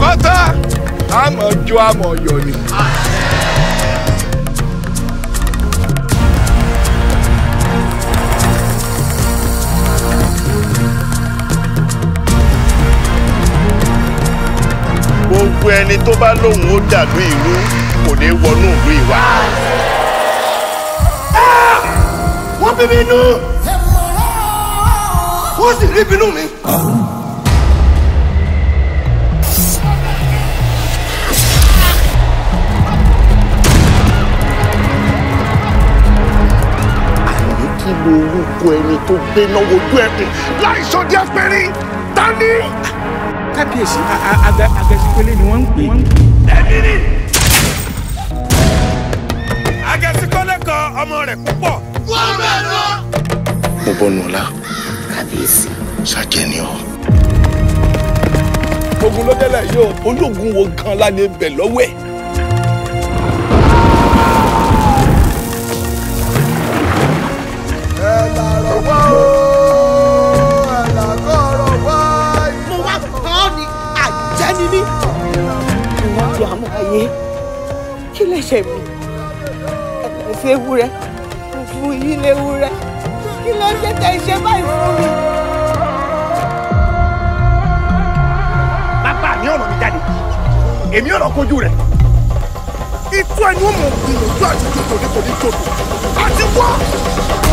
pátá àmọ̀ jó àmọ̀ yọ̀ ni. gbogbo ẹni tó bá lóun ó dàlú ìlú kò ní wọnú ìlú ìwà. Ah! wọ́n bí mi nú wọ́n sì rí bínú mi. kí lorúkọ ẹni tó gbé náà wojú ẹkùn láì sọdí ẹgbẹrin tani. kábíyèsí agẹsípele ni wọ́n ń pè. ẹbí ni agẹsípele kan ọmọ rẹ̀ púpọ̀. wọ́n bẹ̀ lọ. mo bọ́ nù ọ̀la. kábíyèsí. sàjẹ́ ni ọ ogun ló délẹ̀ yìí o wo gan-an lálẹ́ bẹ̀ lọ́wọ́ ẹ̀. ni mí ìwọ ti àmọ́ ayé kí lẹ́sẹ̀ mi ẹ̀sẹ̀ ewúrẹ́ fún yín léwúrẹ́ kí ló ṣe tẹ iṣẹ́ báyìí fún mi. bàbá mi ọ̀rọ̀ mi jáde èmi ọ̀rọ̀ kojú rẹ̀ ikú ẹni ó mọ̀ gbìyànjú àti jòjò ní kò ní jòjò àti wọ́.